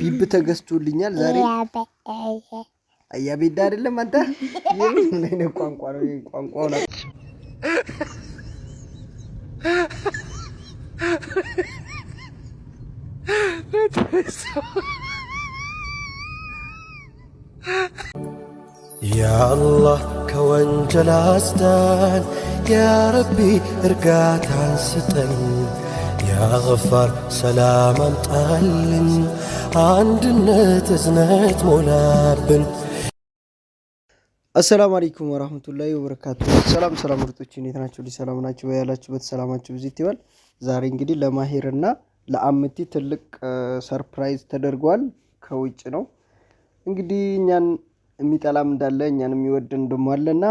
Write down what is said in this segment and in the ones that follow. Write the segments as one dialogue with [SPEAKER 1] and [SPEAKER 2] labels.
[SPEAKER 1] ቢብ ተገዝቶልኛል ዛሬ። አያቤዳ አይደለም አንተ። ይህ አይነት ቋንቋ ነው? ቋንቋ ነው ያአላህ ከወንጀል አስዳን፣ ያረቢ እርጋታን ስጠን። ያገፋር ሰላም አምጣልን፣ አንድነት እዝነት ሞላብን። አሰላሙ አለይኩም ወራህመቱላሂ ወበረካቱ። ሰላም ሰላም ምርጦች እንዴት ናቸው? ሰላም ናቸው በያላችሁበት ሰላማችሁ ብዙ ይበል። ዛሬ እንግዲህ ለማሄር እና ለአምቲ ትልቅ ሰርፕራይዝ ተደርጓል። ከውጭ ነው እንግዲህ እኛን የሚጠላም እንዳለ እኛን የሚወድ እንደማለና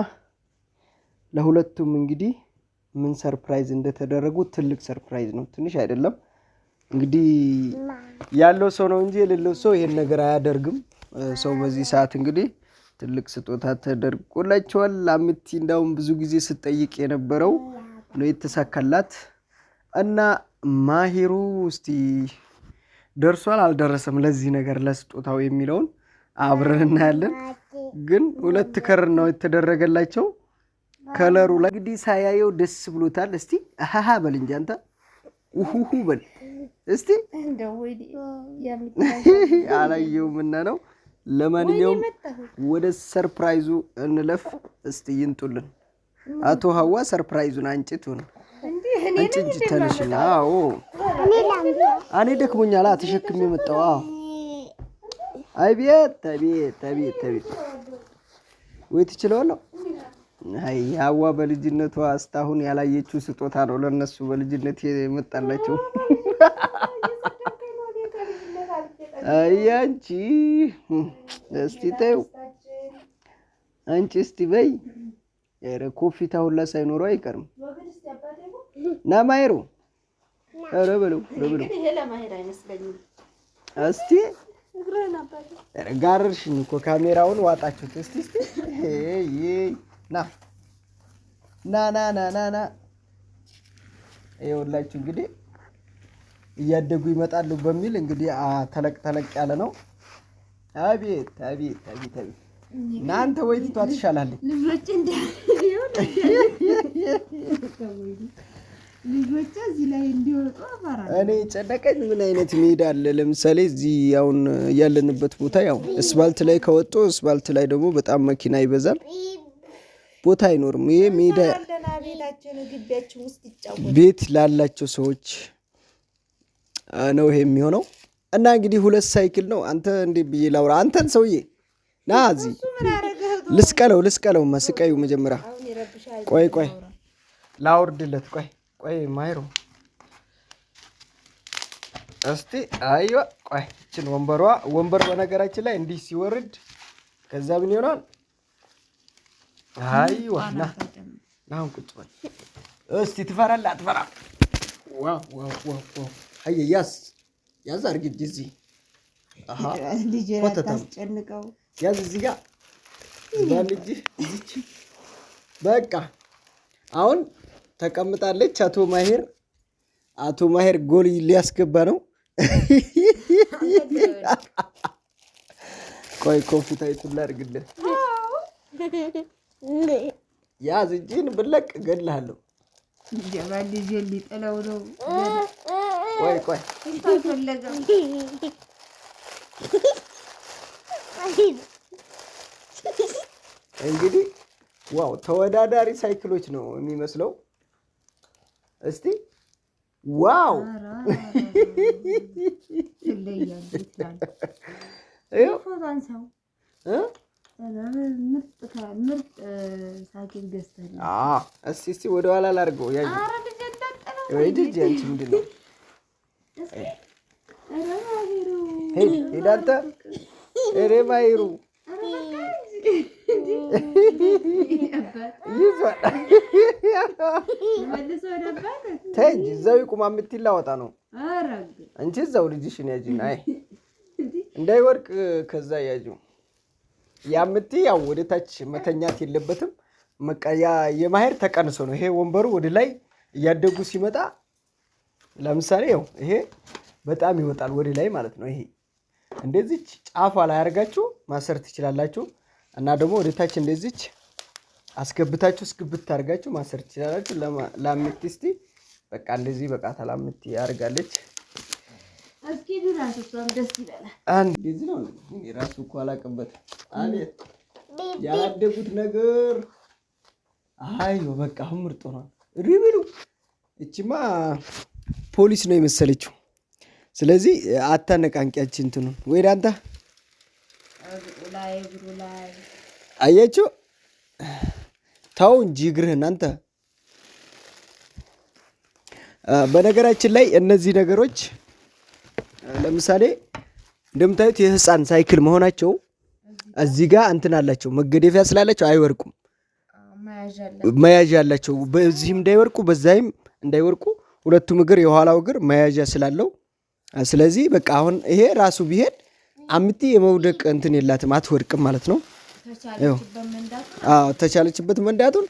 [SPEAKER 1] ለሁለቱም እንግዲህ ምን ሰርፕራይዝ እንደተደረጉ ትልቅ ሰርፕራይዝ ነው። ትንሽ አይደለም እንግዲህ ያለው ሰው ነው እንጂ የሌለው ሰው ይሄን ነገር አያደርግም። ሰው በዚህ ሰዓት እንግዲህ ትልቅ ስጦታ ተደርጎላቸዋል። አምቲ እንዳውም ብዙ ጊዜ ስጠይቅ የነበረው ነው የተሳካላት እና ማሄሩ እስቲ ደርሷል አልደረሰም፣ ለዚህ ነገር ለስጦታው የሚለውን አብረን እናያለን። ግን ሁለት ከር ነው የተደረገላቸው። ከለሩ ላይ እንግዲህ ሳያየው ደስ ብሎታል። እስቲ ሀሀ በል እንጂ አንተ ውሁሁ በል እስቲ አላየውምና ነው። ለማንኛውም ወደ ሰርፕራይዙ እንለፍ። እስቲ ይንጡልን አቶ ሀዋ ሰርፕራይዙን አንጭት ሆነ አንጭ እንጂ አዎ እኔ ደክሞኛል ተሸክሜ የመጣው አዎ። አቤት አቤት አቤት አቤት ወይ ትችለዋለሁ ሀዋ በልጅነቷ እስካሁን ያላየችው ስጦታ ነው ለእነሱ በልጅነት የመጣላቸው። አያንቺ እስቲ ተይው አንቺ እስቲ በይ። ኧረ ኮፊታ ሁላ ሳይኖረው አይቀርም። ናማይሩ ኧረ በለው ኧረ በለው እስቲ ጋርሽኝ እኮ ካሜራውን ዋጣችሁት። እስቲ እስቲ ና ና ና ና ና ና ይኸውላችሁ እንግዲህ እያደጉ ይመጣሉ በሚል እንግዲህ ተለቅ ተለቅ ያለ ነው። አቤት አቤት አቤት አቤት እናንተ ወይ ትቷ ትሻላለች። ልጆች ልጆች እዚህ ላይ እንዲወጡ እኔ ጨነቀኝ። ምን አይነት ሜዳ አለ? ለምሳሌ እዚህ አሁን ያለንበት ቦታ ያው እስባልት ላይ ከወጡ እስባልት ላይ ደግሞ በጣም መኪና ይበዛል። ቦታ አይኖርም። ይሄ ሜዳ ቤት ላላቸው ሰዎች ነው ይሄ የሚሆነው። እና እንግዲህ ሁለት ሳይክል ነው። አንተ እንዴ ብዬ ላውራ? አንተን ሰውዬ ና እዚህ ልስቀለው፣ ልስቀለው። መስቀዩ መጀመሪያ ቆይ ቆይ ላውርድለት። ቆይ ቆይ ማይሮ እስቲ አይዋ ቆይ፣ እችን ወንበሯ ወንበር በነገራችን ላይ እንዲህ ሲወርድ ከዛ ምን ይሆናል? አይዋ ና አሁን ቁጭ በል እስቲ። ትፈራለህ አትፈራም? ሀየ ያዝ ያዝ አድርጊ እንጂ እዚህ ታስጨንቀው። ያዝ እዚህ በቃ አሁን ተቀምጣለች። አቶ ማሄር አቶ ማሄር ጎል ሊያስገባ ነው። ቆይ ኮንፉታይቱን ላድርግልህ ያዝ እጅን ብለቅ እገድልሃለሁ።
[SPEAKER 2] ይገባል። ልጄ ሊጥለው ነው።
[SPEAKER 1] ቆይ ቆይ እንግዲህ ዋው ተወዳዳሪ ሳይክሎች ነው የሚመስለው። እስቲ ዋው
[SPEAKER 2] ምርጥ
[SPEAKER 1] ሳኪን ገዝተን እስኪ እስኪ ወደኋላ ላድርገው። ያ ልጅ አንቺ ምንድን ነው ሄድ አንተ ኧረ ማሂሩ ይዟል። ተይ እንጂ እዛው ይቁማ የምትላወጣ ነው እንጂ እዛው ልጅሽን ያጂን። አይ እንዳይወርቅ ከዛ ያጂው ያምት ያው ወደ ታች መተኛት የለበትም። የማሄድ ተቀንሶ ነው። ይሄ ወንበሩ ወደ ላይ እያደጉ ሲመጣ ለምሳሌ ው ይሄ በጣም ይወጣል ወደ ላይ ማለት ነው። ይሄ እንደዚች ጫፏ ላይ አድርጋችሁ ማሰር ትችላላችሁ እና ደግሞ ወደ ታች እንደዚች አስገብታችሁ እስግብት አድርጋችሁ ማሰር ትችላላችሁ። ላምቲ እስቲ በቃ እንደዚህ በቃ ታላምቲ ያደርጋለች። እንደዚህ ነው የራሱ እኮ አላውቅበትም። አቤት ያላደጉት ነገር አዮ በቃ አሁን ምርጥ ሆኗል። ሪብሉ እችማ ፖሊስ ነው የመሰለችው። ስለዚህ አታነቃንቂያችን እንትኑን ወይ ዳንታ አያችሁ፣ ተው እንጂ እግርህን አንተ። በነገራችን ላይ እነዚህ ነገሮች ለምሳሌ እንደምታዩት የህፃን ሳይክል መሆናቸው እዚህ ጋር እንትን አላቸው፣ መገደፊያ ስላላቸው አይወርቁም። መያዣ አላቸው። በዚህም እንዳይወርቁ በዛይም እንዳይወርቁ ሁለቱም እግር የኋላው እግር መያዣ ስላለው ስለዚህ በቃ አሁን ይሄ ራሱ ቢሄድ አምቲ የመውደቅ እንትን የላትም አትወድቅም ማለት ነው። ተቻለችበት መንዳቱን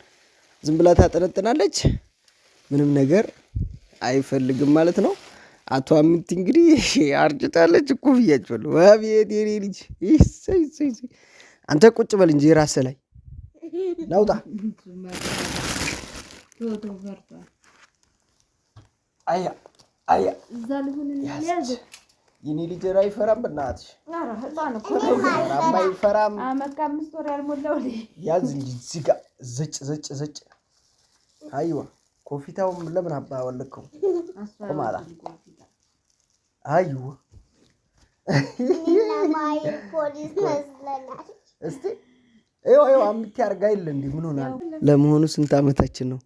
[SPEAKER 1] ዝም ብላ ታጠነጥናለች። ምንም ነገር አይፈልግም ማለት ነው። አቶ አምንት እንግዲህ አርጭታለች እኮ ብያቸዋለሁ። አቤት የኔ ልጅ አንተ ቁጭ በል እንጂ ራስህ ላይ ናውጣ። አያ አያ የኔ ልጅ ራ አይፈራም። በእናትሽ አይፈራም። አምስት ወር ያልሞላው ያዝ እንጂ እዚህ ዘጭ ዘጭ ዘጭ። አይዋ ኮፊታውም ለምን አባ ወለከው ቆማላ አዩዋ እስቲ ይኸው አምቲ አርጋ የለ እንዲ ምን ሆናል? ለመሆኑ ስንት ዓመታችን ነው?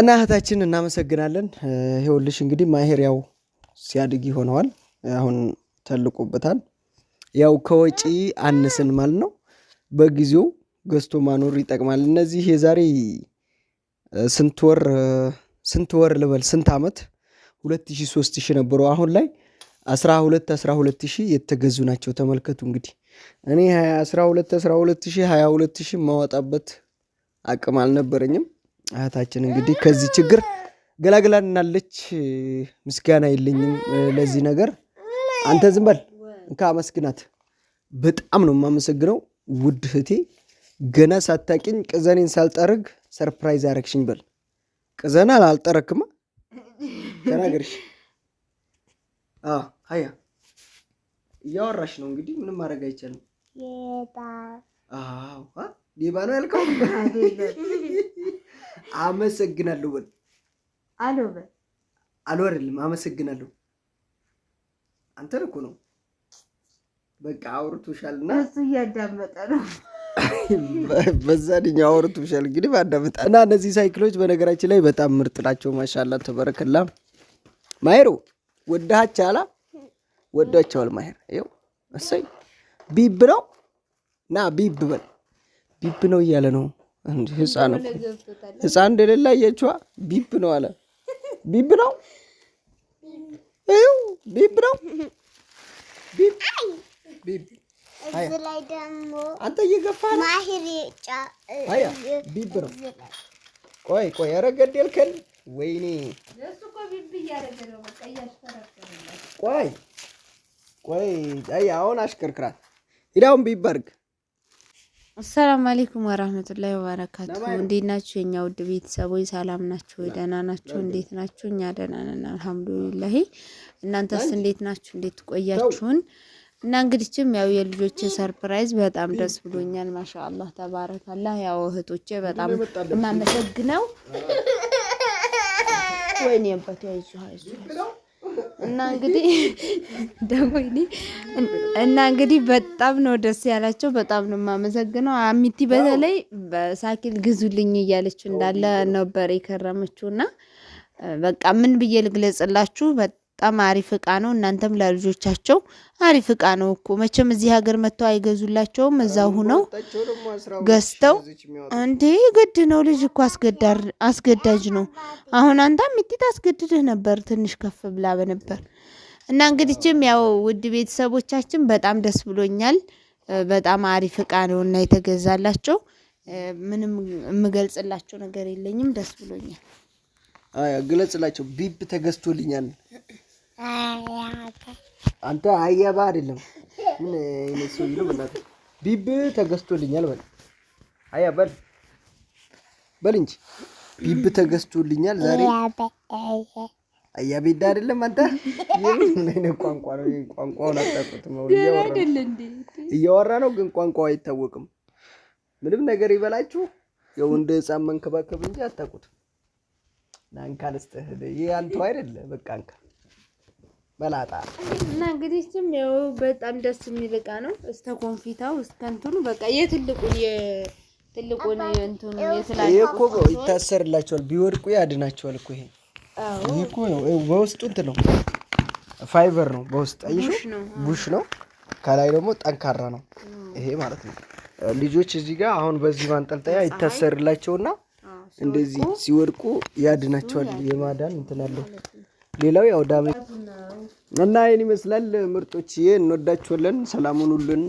[SPEAKER 1] እና እህታችን እናመሰግናለን። ይኸውልሽ እንግዲህ ማሄር ያው ሲያድግ ይሆነዋል። አሁን ተልቆበታል። ያው ከወጪ አንስን ማለት ነው። በጊዜው ገዝቶ ማኖር ይጠቅማል። እነዚህ የዛሬ ስንት ወር ስንት ወር ልበል ስንት ዓመት 2000 3000 ነበሩ። አሁን ላይ 12 12000 የተገዙ ናቸው። ተመልከቱ እንግዲህ እኔ 12 12000 22000 ማወጣበት አቅም አልነበረኝም። እህታችን እንግዲህ ከዚህ ችግር ገላግላናለች። ምስጋና የለኝም ለዚህ ነገር። አንተ ዝም በል እንካ አመስግናት። በጣም ነው የማመሰግነው ውድ እህቴ። ገና ሳታቂኝ ቅዘኔን ሳልጠርግ ሰርፕራይዝ አረግሽኝ። በል ቅዘና አልጠረክማ ተናገርሽ። ሀያ እያወራሽ ነው እንግዲህ ምንም ማድረግ አይቻልም። ሌባ ነው ያልከው። አመሰግናለሁ በል አሎ አይደለም፣ አመሰግናለሁ። አንተ እኮ ነው በቃ አውርቶሻል፣ እና እሱ እያዳመጠ ነው። በዛድኛ አውርቶሻል። እንግዲህ ባዳመጣ እና እነዚህ ሳይክሎች በነገራችን ላይ በጣም ምርጥ ናቸው። ማሻላ ተበረከላ ማሄሩ አላ ወዳቸዋል። ማሄር ይኸው እሰይ ቢብ ነው ና ቢብ በል ቢብ ነው እያለ ነው። እንደ ህፃን እኮ ህፃን እንደሌላ አየችዋ። ቢብ ነው አለ። ቢብ ነው ይው ቢብ ነው አንተ እየገፋ ነው። ቢብ ነው። ቆይ ቆይ፣ ኧረ ገደልከን ወይኔ ቆይ ቆይ አይ አሁን አሽከርክራት ሂዳውን ቢበርግ
[SPEAKER 2] አሰላሙ አለይኩም ወራህመቱላሂ ወበረካቱ። እንዴት ናችሁ የኛ ውድ ቤተሰቦች? ሰላም ናችሁ? ደህና ናችሁ? እንዴት ናችሁ? እኛ ደህና ነን አልሐምዱሊላሂ። እናንተስ እንዴት ናችሁ? እንዴት ቆያችሁን? እና እንግዲችም ያው የልጆች ሰርፕራይዝ በጣም ደስ ብሎኛል። ማሻአላህ ተባረካላህ። ያው እህቶቼ በጣም እናመሰግነው ወይኔ አባቴ አይዞህ አይዞህ እና እንግዲህ ደግሞ እና እንግዲህ በጣም ነው ደስ ያላቸው። በጣም ነው የማመሰግነው። አሚቲ በተለይ በሳኪል ግዙልኝ እያለች እንዳለ ነበር የከረመችው እና በቃ ምን ብዬ ልግለጽላችሁ። በጣም አሪፍ እቃ ነው። እናንተም ለልጆቻቸው አሪፍ እቃ ነው እኮ መቼም እዚህ ሀገር መጥተው አይገዙላቸውም። እዛው ሁነው ገዝተው እንዴ ግድ ነው። ልጅ እኮ አስገዳጅ ነው። አሁን አንታ ሚጢት አስገድድህ ነበር፣ ትንሽ ከፍ ብላ በነበር እና እንግዲችም ያው ውድ ቤተሰቦቻችን በጣም ደስ ብሎኛል። በጣም አሪፍ እቃ ነው እና የተገዛላቸው ምንም የምገልጽላቸው ነገር የለኝም። ደስ ብሎኛል።
[SPEAKER 1] ግለጽላቸው ቢብ ተገዝቶልኛል። አንተ አያባ አይደለም ምን አይነት ሰው ነው? በእናትህ ቢብ ተገዝቶልኛል በል። አያ በል በል እንጂ ቢብ ተገዝቶልኛል ዛሬ። አያ አያቤዳ አይደለም አንተ። ምን አይነት ቋንቋ ነው? ቋንቋውን አታውቁትም። እያወራ ነው ግን ቋንቋው አይታወቅም። ምንም ነገር ይበላችሁ። ያው እንደ ሕፃን መንከባከብ እንጂ አታውቁትም። ናንካ ልስጥህ። ይህ አንተው አይደለ? በቃ አንካ በላጣ
[SPEAKER 2] እና እንግዲህ እሱም ያው በጣም ደስ የሚል እቃ ነው። እስከ ኮንፊታው እስከ እንትኑ በቃ የትልቁን የትልቁን እንትኑ
[SPEAKER 1] እኮ ይታሰርላቸዋል፣ ቢወድቁ ያድናቸዋል እኮ ይሄ ይሄ እኮ በውስጡ እንትን ነው፣ ፋይበር ነው በውስጥ ቡሽ ነው። ከላይ ደግሞ ጠንካራ ነው ይሄ ማለት ነው። ልጆች እዚህ ጋር አሁን በዚህ ማንጠልጠያ ይታሰርላቸውና እንደዚህ ሲወድቁ ያድናቸዋል። የማዳን እንትን አለው። ሌላው ያው ዳሜ እና ይህን ይመስላል ምርጦችዬ፣ እንወዳችኋለን። ሰላሙን ሁሉን